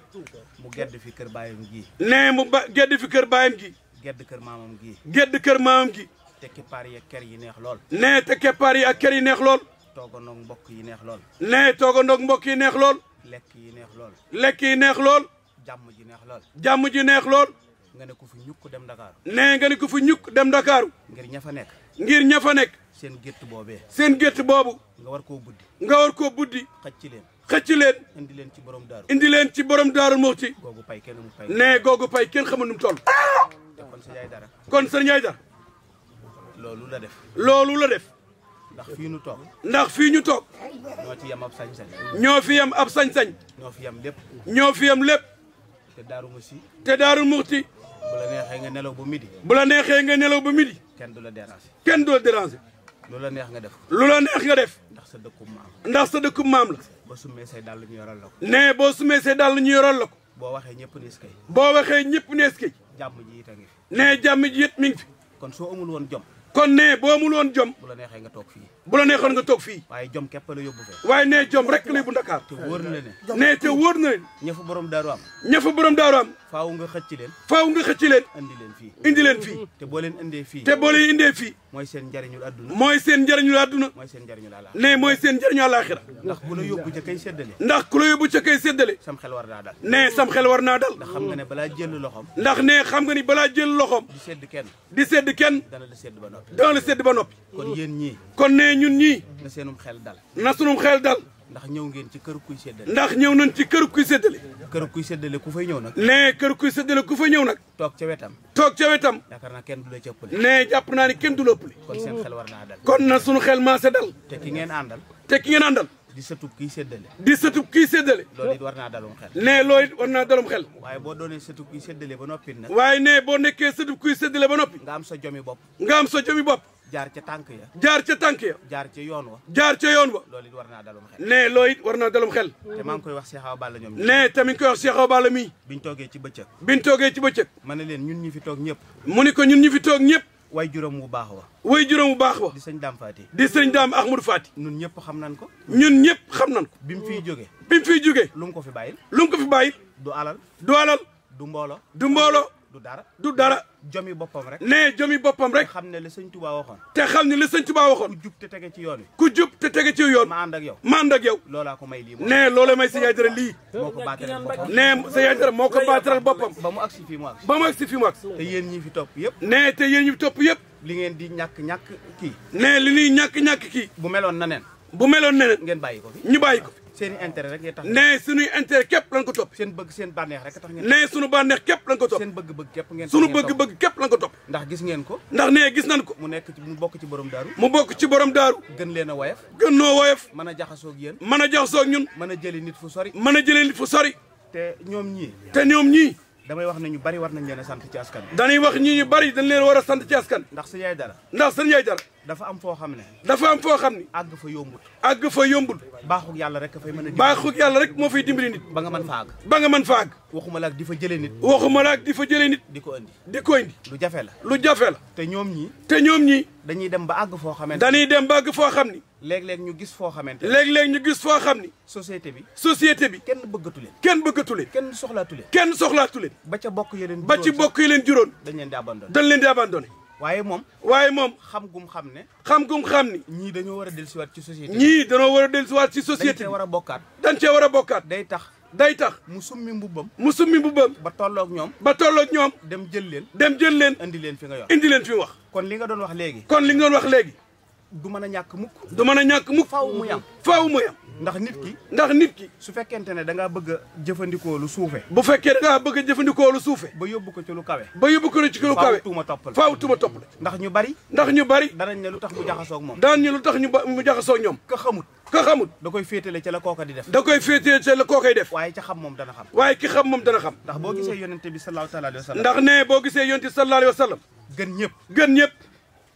mu gedd fi kër baayam gi nee mu ba gedd fi kër baayam gi gedd kër maamam gi gedd kër maamam gi te keppaar yi ak kër yi neex lool nee te keppaar yi ak kër yi neex lool toogandoog mbokk yi neex lool nee toogandoog mbokk yi neex lool lekk yi neex lool lekk neex lool jàmm ji neex lool jàmm ji neex lool nga ne ko fi ñukk dem Dakar nee nga ne ko fi ñukk dem Dakar ngir ña fa nekk ngir ña fa nekk seen gétt boobee. seen gétt boobu. nga war koo buddi. nga war koo buddi. xëcc leen. xëcc leen. indi leen ci borom daaru. indi leen ci borom daaru Muxti. googu pay kenn mu pay. nee googu pay kenn xamul nu mu toll. kon sëñ yaay dara. kon sëñ yaay dara. loolu la def. loolu la def. ndax fii nu toog. ndax fii ñu toog. ñoo ci yem ab sañ ñoo fi yem ab sañsañ ñoo fi yem lépp. ñoo fi yem lépp. te daaru Muxti. te daaru Muxti. bu la neexee nga nelaw ba midi. bu la neexee nga nelaw bu midi. kenn du la déranger. kenn du la lu la neex nga def lu la neex nga def ndax sa dëkkub maam ndax sa dëkkub maam la boo sumee say dàll ñu yoral la ko ne boo sumee say dàll ñu yoral la ko boo waxee ñëpp nees kay boo waxee ñëpp nees kay jàmm ji it a ngi fi ne jàmm ji it fi kon soo amul woon jom kon ne boo amul woon jom bu la neexee nga toog fii bu la neexoon nga toog fii waaye jom képp la yóbbu fee waaye ne jom rek la yóbbu Ndakaar te wóor na leen ne te wóor na leen fa borom daaru am ñëf fa borom daaru am faaw nga xëcc leen faaw nga xëcc leen indi leen fii indi leen fii te boo leen indee fii te boo leen indee fii mooy seen njariñul àdduna mooy seen njariñul àdduna mooy seen njariñul àllaaxira ne mooy seen njariñul àllaaxira ndax ku la yóbbu ca kay séddale ndax ku la yóbbu ca kay séddale sam xel war naa dal ne sam xel war naa dal ndax xam nga ne balaa jël loxoom ndax ne xam nga ni balaa jël loxoom di sedd kenn di sedd ken dana la sedd ba noppi dana la sedd ba noppi kon yéen ñii kon ne ñun ñii na seenum xel dal ndax ñëw ngeen ci kër kuy séddale. ndax ñëw nañ ci kër kuy séddale. kër kuy séddale ku fay ñëw nag. nee kër kuy séddale ku fa ñëw nag. toog ca wetam. toog ca wetam. yaakaar naa kenn du la ca ëppale. nee jàpp naa ni kenn du la ëppale. kon seen xel war naa dal. kon na sunu xel maa seddal dal. te ki ngeen àndal. te ki ngeen àndal. di sëtub kii seddale di sëtub kii séddale. loolu war naa dalum xel. nee loolu it war naa dalum xel. waaye boo doonee sëtub kii séddale ba noppi nag. waaye nee boo nekkee sëtub kii séddale ba noppi. nga am sa jomi bopp. nga am sa jomi bopp jaar ca tànk ya jaar ca tànk jaar ca yoon wa jaar ca yoon wa loolu it war naa dalum xel ne loolu it war naa dalum xel te maa ngi koy wax Cheikh Awa Balla ñoom ne tamit koy wax Cheikh Awa Balla mii biñ ci bëccëg biñ toogee ci bëccëg ma ne leen ñun ñu fi toog ñëpp mu ni ko ñun ñu fi toog ñëpp way juróom wu baax wa way juróom wu baax wa di sëñ daam Faati di sëñ daam Ahmadou Faati ñun ñëpp xam nan ko ñun ñëpp xam nan ko bi mu fiy jógee bi mu fiy jógee ko fi bàyyil lu mu ko fi bàyyil du alal du alal du mboolo du du dara du dara. jomi boppam rek. nee jomi boppam rek. te xam ne li sëñ Tuubaa waxoon. te xam ne li sëñ Tuubaa waxoon. jub te tege ci yoon wi. ku jub te tege ci yoon. ma ànd ak yow ma ànd ak yow. loolaa ko may lii moom nee loola may sëñ Aydara lii. moo ko baataral boppam nee sëñ Aydara boppam. ba mu agsi fii mu agsi. ba mu agsi fii mu agsi. te yéen ñi fi topp yëpp. nee te yéen ñi fi topp yëpp. li ngeen di ñàkk ñàkk kii. li ñuy ñàkk ñàkk kii. bu meloon na neen. bu meloon na neen. ngeen bàyyi ko fi ñu bàyyi ko seen i intérêt rek ngay tax ne suñuy intérêt képp lañ ko topp seen bëgg seen bànneex rek tax ngeen nee suñu bànneex képp lañ ko topp seen bëgg-bëgg képp ngeen suñu bëgg-bëgg képp lañ ko topp ndax gis ngeen ko ndax ne gis nañ ko mu nekk mu bokk ci borom daaru mu bokk ci borom daaru gën leen a woyof gën noo woyof mën a jaxasoog yéen mën a jaxasoog ñun mën a jëli nit fu sori mën a jëli nit fu sori te ñoom ñii te ñoom ñii damay wax ne ñu bari war nañ leen a sant ci askan dañuy wax ñii ñu bari dañ leen war sant ci askan ndax sëñ yaay dara ndax sëñ dafa am foo xam ne. dafa am foo xam ne. àgg fa yombut. àgg fa yombut. baaxug yàlla rek fay mën a. baaxug yàlla rek moo fay dimbali nit. ba nga mën fa àgg. ba nga mën fa àgg. waxuma la di fa jëlee nit. waxuma la ak di fa jëlee nit. di ko indi di ko indi. lu jafe la lu jafe la. te ñoom ñii. te ñoom ñii. dañuy dem ba àgg foo xamante dañuy dem ba foo xam ni. léeg-léeg ñu gis foo xamante léeg-léeg ñu gis foo xam ni. société bi société bi. kenn bëggatu kenn bëggatu kenn soxlaatu leen. kenn soxlaatu ba ca bokk yi leen. ci bokk yi leen juróon. dañ leen di abandonné leen di waaye moom waaye moom xam gum xam ne xam gum xam ni ñii dañoo war a dellusiwaat ci société ñii dañoo war a dellusiwaat ci société war a bokkaat dañ cee war a bokkaat day tax day tax mu summi mbubbam mu summi mbubbam ba tolloog ñoom ba tolloog ñoom dem jël leen dem jël leen indi leen fi nga yor indi leen fi wax kon li nga doon wax léegi kon li nga doon wax léegi du man a ñàkk mukk du mën a ñàkk mukk faaw mu yam faaw mu yam ndax nit ki ndax nit ki su fekkente ne danga ngaa bëgg jëfandikoo lu suufe bu fekkee da ngaa bëgg jëfandikoo lu suufe ba yóbbu ko ci lu kawe ba yóbbu ko ci lu kawe faaw tuuma topp la faaw tuuma ndax ñu bari ndax ñu bari danañ ne lu tax mu jaxasoo moom danañ ne lu tax ñu mu jaxasoo ñoom ka xamut ka xamut da koy féetale ca la kooka di def da koy féetale ca la kookay def waaye ca xam moom dana xam waaye ki xam moom dana xam ndax boo gisee yonente bi sallallahu alayhi wa sallam ndax ne boo gisee yonente bi sallallahu alayhi wa sallam gën ñëpp gën ñëpp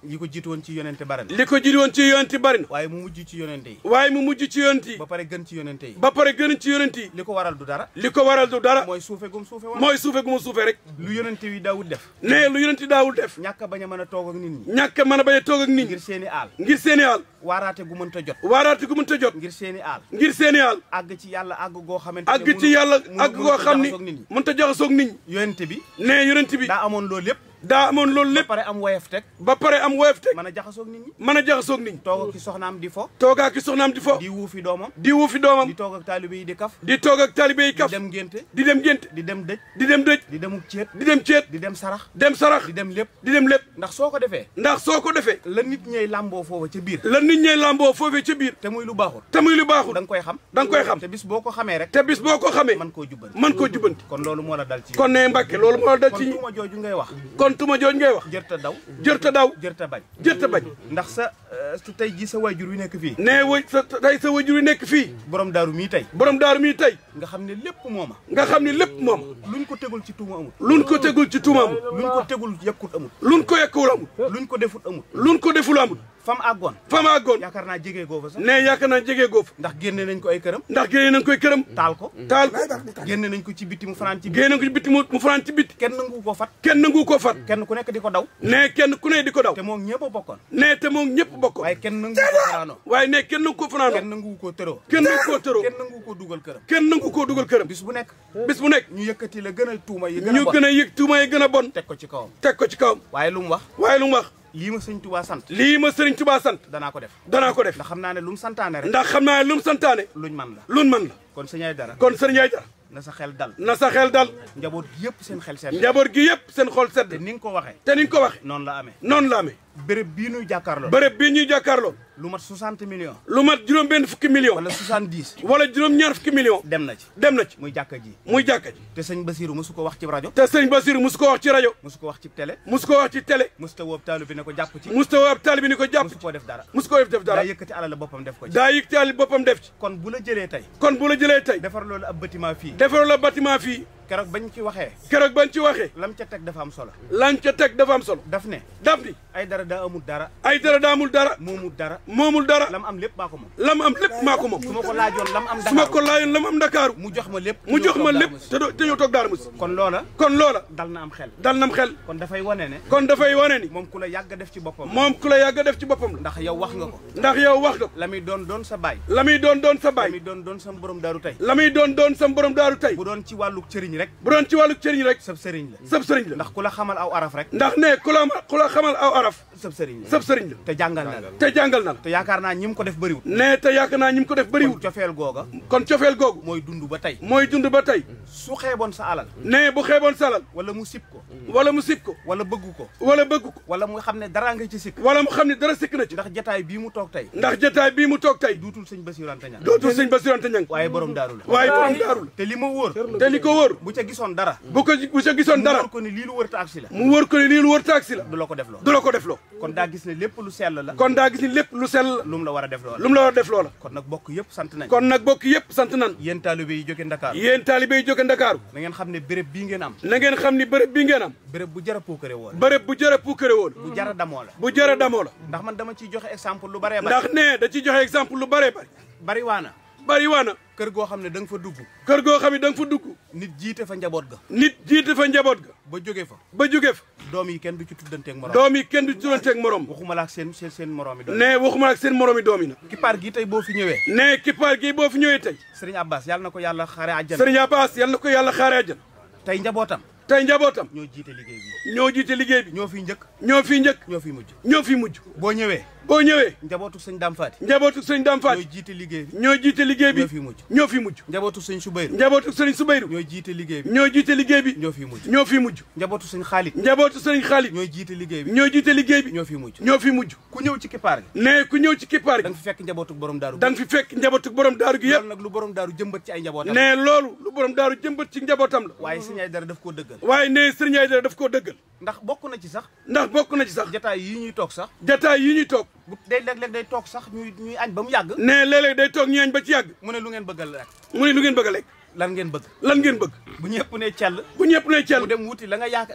li ko jiitu woon ci yonente bari na li ko jiitu woon ci yonente bari na waaye mu mujj ci yonente yi waaye mu mujj ci yonente yi ba pare gën ci yonente yi ba pare gën ci yonente yi li ko waral du dara li ko waral du dara mooy suufe gum suufe mooy suufe gum suufe rek lu yonente yi daawul def ne lu yonente yi daawul def ñàkk a bañ a mën a toog ak nit ñi ñàkk a mën a bañ a toog ak nit ñi ngir seeni aal ngir seeni aal waaraate gu mënta jot waaraate gu mënta jot ngir seeni aal ngir seeni aal àgg ci yàlla àgg goo xamante àgg ci yàlla àgg goo xam ni mënta jox soog nit ñi yonente bi ne yonente bi daa amoon loolu lépp daa amoon loolu lépp ba pare am woyof teg ba pare am woyof teg mën a jaxasoog nit ñi mën a jaxasoog nit ñi tooga ki soxnaam di fo toogaa ki soxnaam di fo di wuufi doomam di wuufi doomam di toog ak taalibe yi di kaf di toog ak taalibe kaf di dem ngénte di dem ngénte di dem dëj di dem dëj di demuk ceet di dem ceet di dem sarax dem sarax di dem lépp di dem lépp ndax soo ko defee ndax soo ko defee la nit ñey làmboo foofa ca biir la nit ñey làmboo foofa ca biir lu baaxul te lu baaxul da nga koy da koy xam te bis boo ko xamee rek boo ko xamee mën koo jubbanti mën koo jubbanti kon moo la dal ci kon ne Mbàkke loolu moo la kon antuma jooju ngay wax. jërta daw jërta daw. jërta bañ jërta bañ. ndax sa euh, tey jii sa waajur wi nekk fii. nee wa sa tey sa waajur wi nekk fii. borom daaru mii tey. borom daaru mii tey. nga xam ne lépp mooma. nga xam ne lépp mooma. luñ ko tegul ci tuuma amul. luñ ko tegul ci tuuma amul. luñ ko tegul yàkkut amul. luñ ko yàkkuwul amul. luñ ko defut amul. luñ ko deful amul. fam àggoon fam àggoon yaakaar naa jege goofa sax nee yaakaar naa jege goofa ndax génne nañ ko ay këram ndax génne nañ koy këram taal ko taal ko ko ci bitti mu ko ci bitti mu fanaan ci kenn nangu koo fat kenn nangu koo fat kenn ku nekk di ko daw ne kenn ku ne di ko daw te moom ñëpp bokkoon ne te moom ñëpp bokkoon waaye kenn nangu ko fanaanoo waaye ne kenn nangu ko fanaanoo kenn nangu ko tëroo kenn nangu koo tëroo kenn nangu koo dugal këram kenn nangu koo dugal këram bis bu nekk bis bu nekk ñu yëkkati la gën a tuuma gën a yëg tuuma yi a bon teg ko ci kawam teg ko ci kawam waaye lu mu wax waaye lu wax lii ma sëriñ tubaa sant lii ma sëriñ tubaa sant danaa ko def danaa ko def ndax xam naa ne lu mu santaane rek ndax xam naa ne lu mu santaane luñ man la luñ man la kon sëriñ Aydara kon sëriñ Aydara na sa xel dal na sa xel dal njaboot gi yëpp seen xel sedd njaboot gi yëpp seen xol sedd te ni nga ko waxee te ni ko waxee noonu la amee noonu bërëb bii ñuy jàkkaarloo. béréb bii ñuy jàkkaarloo. lu mat 60 millions. lu mat juróom benn fukki millions. wala 70. wala juróom ñaar fukki millions. dem na ci dem na ci. muy jàkka ji muy jàkka ji. te sëñ Basiru mosu ko wax ci rajo. te sëñ Basiru mosu ko wax ci rajo. mosu ko wax ci télé. mosu ko wax ci télé. mosu ta woob taalu bi ne ko jàpp ci. mosu ta bi ne ko jàpp ci. mosu koo def dara mosu koo def dara. daa yëkkati alal boppam def ko ci. daa yëkkati alal kon bu la jëlee tey. kon bu la jëlee tey. defar loolu ab bâtiment fii. defar loolu ab bâtiment keroog bañ ci waxee keroog bañ ci waxee lam ca teg dafa am solo lan ca teg dafa am solo daf ne daf ay dara daa amul dara ay dara daa amul dara moomul dara dara lam am lépp maa ko moom am lépp maa ko moom su ma ko laajoon lam am su ma ko laajoon am Dakaaru mu jox ma lépp mu jox ma lépp te doo te ñëw kon loola kon loola dal na am xel dal na am xel kon dafay wane ne kon dafay wane ni moom ku la yàgg def ci boppam moom ku la yàgg def ci boppam ndax yow wax nga ko ndax yow wax nga ko la muy doon doon sa baay la muy doon doon sa baay doon doon sam borom daaru tey la muy doon doon sam borom daaru tey bu doon ci wàllu cëriñ sëriñ rek bu doon ci wàllu sëriñ rek sab sëriñ la sab sëriñ la ndax ku xamal aw araf rek ndax ne ku xamal aw araf sab sëriñ la te jàngal na la te jàngal yaakaar naa ñi mu ko def bëriwut ne te yaakaar naa ñi mu ko def bëriwut cofeel googa kon cofeel googu mooy dund ba tey mooy dund ba tey su xeeboon sa alal ne bu xeeboon sa alal wala mu sib ko wala mu sib ko wala bëgg ko wala bëgg ko wala mu xam ne dara nga ci sikk wala mu xam ne dara sikk na ci ndax jataay bii mu toog tey ndax jataay bii mu la waaye borom daaru la li ma wóor bu ca gisoon dara bu ca gisoon dara mu wër ko ni lii lu wër taxi la mu wër ko ni lii lu wër taxi la du la ko def loo du la ko def loo kon daa gis ne lépp lu sell la kon gis ne lépp lu sell la lu mu la war a def loo la a def loo la kon nag bokk yëpp sant nañ kon nag bokk yëpp sant nañ yéen taalibe yi jóge Ndakaaru yéen taalibe jóge Ndakaaru na ngeen xam ne béréb bii ngeen am na ngeen xam ne béréb bii ngeen am béréb bu jara puukare woo la béréb bu jara puukare woo la bu jara damoo la bu jara damoo la man dama ciy joxe exemple lu bare bare da ciy joxe exemple lu bare bari waana bari waa na kër goo xam ne da fa dugg kër goo xam ne da nga fa dugg nit jiite fa njaboot ga nit jiite fa njaboot ga ba jóge fa ba jóge fa doom yi kenn du ci tuddanteeg morom doom yi kenn du ci morom waxuma la ak seen seen seen morom yi doom ne waxuma la seen morom yi na kippaar gi tey boo fi ñëwee ne kippaar gi boo fi ñëwee tey sëriñ Abbas yàlla na ko yàlla xaare àjjana sëriñ Abbas yàlla na ko yàlla xaare àjjana tey njabootam tey njabootam ñoo jiite liggéey bi ñoo jiite liggéey bi ñoo fi njëkk ñoo fi njëkk ñoo fi mujj ñoo fi mujj boo ñëwee boo ñëwee njabootu sëñ Dame Faty njabootu sëñ Dame Faty ñoo jiite liggéey bi ñoo jiite liggéey bi ñoo fi mujj ñoo fi mujj njabootu sëñ Soubayru njabootu sëñ Soubayru ñoo jiite liggéey bi ñoo jiite liggéey bi ñoo fi mujj ñoo fi mujj njabootu sëñ Xaalit njabootu sëñ Xaalit ñoo jiite liggéey bi ñoo jiite liggéey bi ñoo fi mujj ñoo fi mujj ku ñëw ci kippaar gi ne ku ñëw ci kippaar gi da nga fi fekk njabootu borom daaru da nga fi fekk njabootu borom daaru gi yëpp loolu nag lu borom daaru jëmbat ci ay njabootam ne loolu lu borom daaru jëmbat ci njabootam la waaye sëñ ay dara daf koo dëggal waaye ne sëñ ay dara daf koo dëggal ndax bokk na ci sax ndax bokk na ci sax jataay yi ñuy toog sax jataay yi ñuy toog bu day léeg-léeg day toog sax ñuy ñuy añ ba mu yàgg. ne léeg-léeg day toog ñuy añ ba ci yàgg. mu ne lu ngeen bëggal rek. mu ne lu ngeen bëggal rek. lan ngeen bëgg lan ngeen bu ñëpp ne cell bu ñëpp ne cell mu dem wuti la nga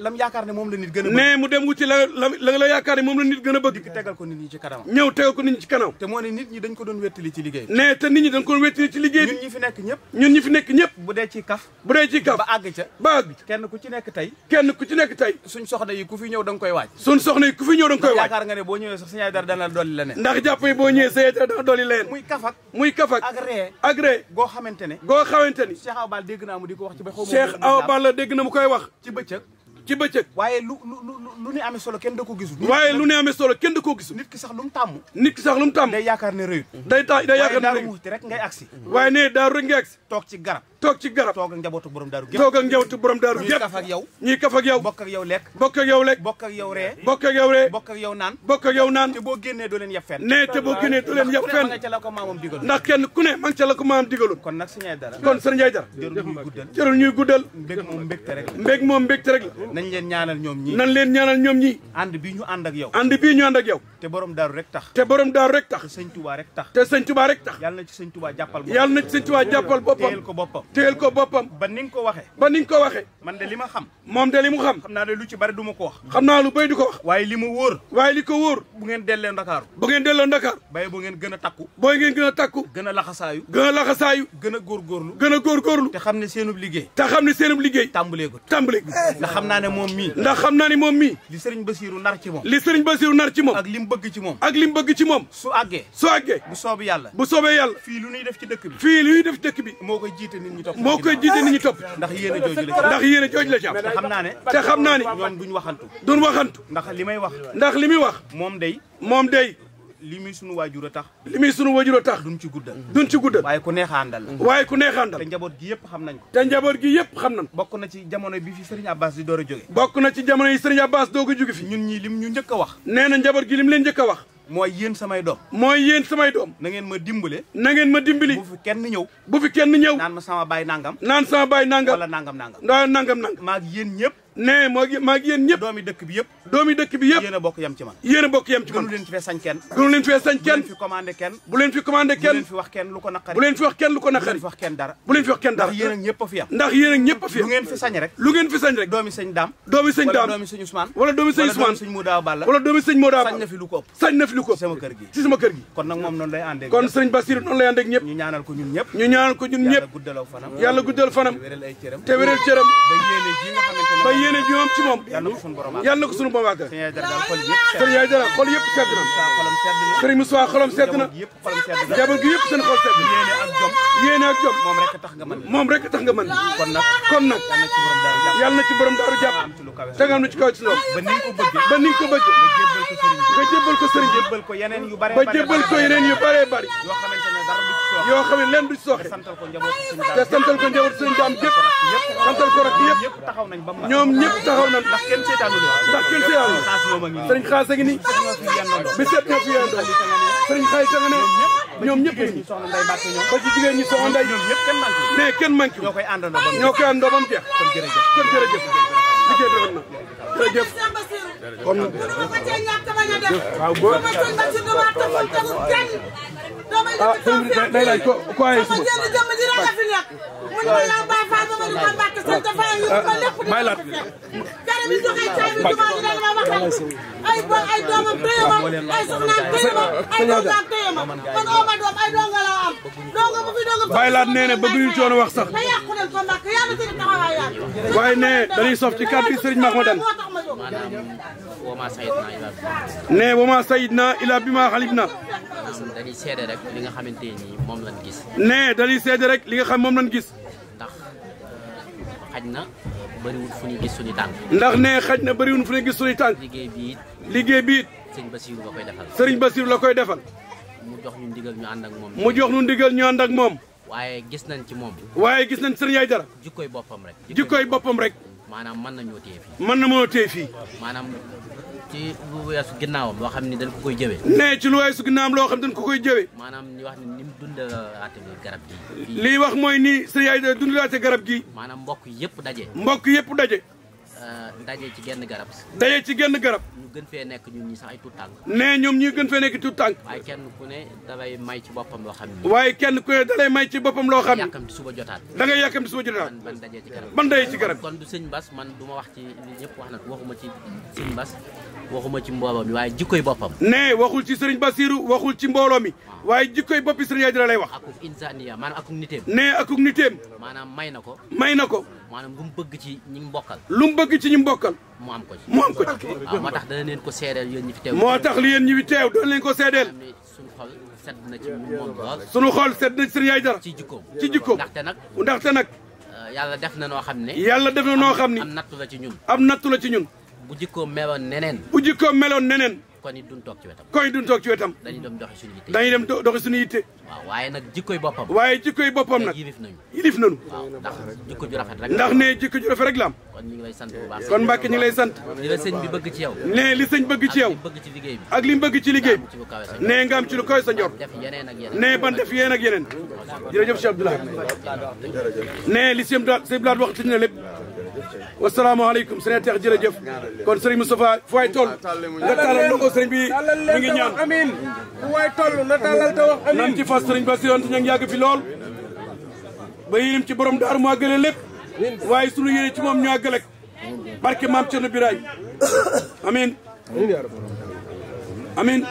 ne moom la nit gën a bëgg ne mu dem wuti la la la yaakaar ne moom la nit gën a bëgg ne te nit ñi dañ ko kenn ku ci nekk tey kenn ku ci nekk tey suñ soxna yi ku fi ñëw da nga koy waaj suñ la ne muy kafak muy kafak agré agré goo xamante ne goo xamante ni Cheikh Awa Balla dégg naa mu wax ci ba xaw na mu koy wax. ci bëccëg. ci waaye lu lu lu lu ne amee solo kenn da koo gisul. waaye lu ne amee solo kenn da koo gisu nit ki sax lu mu tàmm. nit ki sax lu mu tàmm. day yaakaar ne rëyut. day taa day yaakaar ne rëyut waaye daaru wuti rek ngay agsi. waaye nee daaru rek ngay agsi. toog ci garab. toog ci garab toog ak njabootu borom daaru gépp toog ak njabootu borom daaru gépp ñuy kaf ak yow ñuy kaf ak yow bokk ak yow lekk bokk ak yow lekk bokk ak yow ree bokk ak yow ree bokk ak yow naan bokk ak yow naan te boo génnee doo leen yab fenn nee te boo génnee doo leen yab fenn ndax kenn ku ne ma nga ca la ko maamam digaloon kon nag sëñ Ndiaye dara kon sëñ Ndiaye dara jërul ñuy guddal mbég moom mbégte rek mbég moom mbégte rek la nañ leen ñaanal ñoom ñi nañ leen ñaanal ñoom ñi ànd bi ñu ànd ak yow ànd bi ñu ànd ak yow te borom daaru rek tax te borom daaru rek tax te sëñ Tuubaa rek tax te sëñ Tuubaa rek tax yàlla na ci sëñ Tuubaa jàppal boppam yàlla na ci sëñ Tuubaa jàppal boppam ko boppam téyel ko boppam. ba ni nga ko waxee. ba ni nga ko waxee. man de li ma xam. moom de li mu xam. xam naa ne lu ci bari du ko wax. xam naa lu béy du ko waaye li ma wóor. waaye li ko wóor. bu ngeen dellee Ndakaaru. bu ngeen delloo Ndakaaru. bay ngeen gën takku. booy ngeen a takku. gën a laxasaayu. gën a gën a góorgóorlu. gën a góorgóorlu. te xam ne seenub liggéey. te xam ne seenub liggéey. tàmbalee ko tàmbalee xam naa ne moom mii. ndax xam naa ne moom mii. li Serigne Bassirou nar ci moom. li Serigne Bassirou nar ci moom. ak li mu bëgg ci moom. ak li mu bëgg ci moom. su àggee. su àggee. bu soobee yàlla. bu soobee yàlla. fii lu ñuy def ci dëkk bi. fii lu ñuy def ci dëkk bi. moo koy jiite nit moo koy jiite nit ñi topp ndax yéen a jooju la ndax yéen a jooju la ci am te naa ne te xam naa ne ñoom duñ waxantu duñ waxantu ndax li may wax ndax li muy wax moom day moom day li muy sunu waajur a tax li muy sunu waajur a tax duñ ci guddal duñ ci guddal waaye ku neexaandal la waaye ku neexaandal te njaboot gi yëpp xam nañ ko te njaboot gi yëpp xam nañ ko bokk na ci jamono bi fi Serigne Abbas di door a bokk na ci jamono yi Serigne Abbas doog jóge fi ñun ñii lim ñu njëkk a wax nee na gi lim leen njëkk wax mooy yéen samay doom mooy yéen samay doom na ngeen ma dimbale na ngeen ma dimbali bu fi kenn ñëw bu fi kenn ñëw naan ma sama baay nangam naan sama baay nangam wala nangam nangam ndaa nangam nangam maag yéen ñëpp nee moo maa ngi doomi dëkk bi yëpp doomi dëkk bi yëpp yéen a yem ci man yéen a yem ci man gënu fi sañ sañ kenn bu fi commandé kenn bu leen fi wax kenn lu ko naqari bu fi wax kenn lu ko naqari bu leen fi ndax yéen ak ñëpp lu ngeen fi sañ rek lu ngeen fi sañ rek doomi sëñ daam doomi sëñ daam wala doomi sëñ Ousmane sëñ Mouda Balla wala doomi sëñ Mouda Balla sañ na fi lu ko ëpp sañ na lu ko ëpp sama kër gi ko ñun ñëpp ñu ñaanal ko yéene bi na ko sunu borom àggal sëriñ xol yëpp sedd na sëriñ Moussa xolam sedd na jabar gi yëpp ak jom moom rek tax nga mën kon nag yàlla na ci borom daaru jàpp te nga am na ci kaw ci loolu ba ni nga ko bëggee nga yoo xam ne leen du sooxe te santal ko njaboot suñu daam gépp santal ko rak yëpp ñoom ñëpp taxaw nañ ndax kenn seetaanu ndax kenn seetaanu sëriñ xaas a ngi nii ñoo fi yendoo sëriñ xaay ci jigéen ñi soxna nday mais kenn manqué jeex kon jërëjëf liggéey bi na jërëjëf kon waaw boo ah sëñ bi day laaj ko ko ay suba. mu ne ma yow Baye Fall ma bëgg ma mbàkk sa dafa yu ko ah, lépp di ma ko fekk. kare bi joxe caay bi jumaa ji dama waxal ay bo ay doomam téye ma ay soxnaam téye ma ay dongaam téye ma man oo ma doom ay donga laa am donga bu fi donga. Baye Laat nee na bëgguñu coono wax sax. te yàqu nañ ko mbàkk yàlla ci taxawaay yàlla. waaye nee dañuy sof ci kàddu Serigne Mahmoudane. ne wama sayidna ila bi ma xalif na. maanaam dañuy seede rek li nga xamante ni moom lañ gis. ne dañuy seede rek li nga xam moom lañ gis. ndax euh, xaj na bëriwul fu ñuy gis suñu tànk. ndax ne xaj na bëriwul fu ñuy gis suñu tànk. liggéey bii it. liggéey bi it. sëriñ Basiirou la koy defal. sëriñ Basiirou la koy defal. mu jox ñu ndigal ñu ànd ak moom. mu jox ñu ndigal ñu ànd ak moom. waaye gis nañ ci moom. waaye gis nañ sëriñ Aïdara. jikkoy boppam rek. jikkoy boppam rek. maanaam mën nañoo téye fii. mën na moo téye fii. maanaam ci lu weesu ginnaawam loo xam ne dañ ko koy jëwee. ne ci lu weesu ginnaawam loo xam ne dañ ko koy jëwee. maanaam ñu wax ne ni mu dundalaate garab gi. lii wax mooy ni sa yaay dundalaate garab gi. maanaam mbokk yëpp daje. mbokk yëpp daje. Euh, daje ci genn garab. daje ci genn garab. ñu gën fee nekk ñu ñi sax ay tuut tànk. ñoom ñu gën fee nekk tuut tànk. waaye kenn ku ne dalay may ci boppam loo xam ne. waaye kenn ku ne dalay may ci boppam loo xam ne. yàkkamti suba jotaat. da ngay yàkkamti suba jotaat. man man daje ci garab man daje ci garab. kon du sëñ Bass man du wax ci ñëpp wax na waxuma ci sëñ Bass waxuma ci mbooloo mi waaye jikkoy boppam. nee waxul ci sëriñ Bassirou waxul ci mbooloo mi. waaye jikkoy boppi sëriñ Aïdara lay wax. akuk insaniya maanaam akuk niteem. nee akuk niteem. maanaam may na ko. may na ko. maanaam lu mu bëgg ci ñi mbokkal lu mbëgg bëgg ci ñi mbokkal mu am ko ci mu am ko ci ah, waaw moo tax dana leen ko seedeel yéen ñi fi teew moo tax li yéen ñi fi teew dana leen ko seedeel suñu xol sedd na ci moom lool suñu xol sedd na ci sëriñ Aydara ci jikkoom ci jikkoom ndaxte nag ndaxte nag euh, yàlla def na noo xam ne yàlla def na noo xam ne am nattu la ci am nattu la ci ñun bu jikkoom meloon neneen bu jikkoom meloon neneen kon it duñ toog ci wetam. kon it duñ toog ci wetam. dañuy dem doxi suñu yitte. dañuy dem doxi suñu yitte. waaw waaye nag jikkoy boppam. waaye jikkoy boppam nag ndax ne jikko ju rafet rek la kon ñu ngi lay sant bu sëñ bi bëgg ci yow. ne li sëñ bëgg ci yow. ak li mu bëgg ci liggéey bi. ne nga am ci lu kawe sa njort. ne ban def yéen ak yeneen. jërëjëf Cheikh Abdoulaye. ne li sëñ Blaat wax ci lépp wasalaamaaleykum sëriñ Teex jërëjëf kon sëriñ Moustapha fu waay toll nga tàllal loxo sëriñ bi mi ñaan fu waay toll na tàllal te wax amiin ci fas sëriñ Basiru te ñu ngi yàgg fi lool ba yéenim ci borom daaru mu àggale lépp waaye sunu yéene ci moom ñu àggale barke maam Cerno Biraay amiin amiin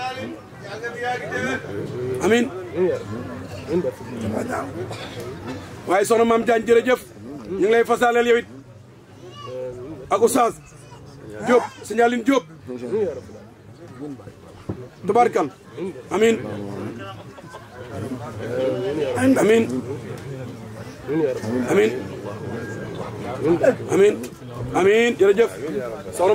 amiin waaye soxna maam Jaañ jërëjëf ñu ngi fasaaleel yow ak Oustaz Diop sëñ Aline Diop tabarkal amin amin amin amin amin jërëjëf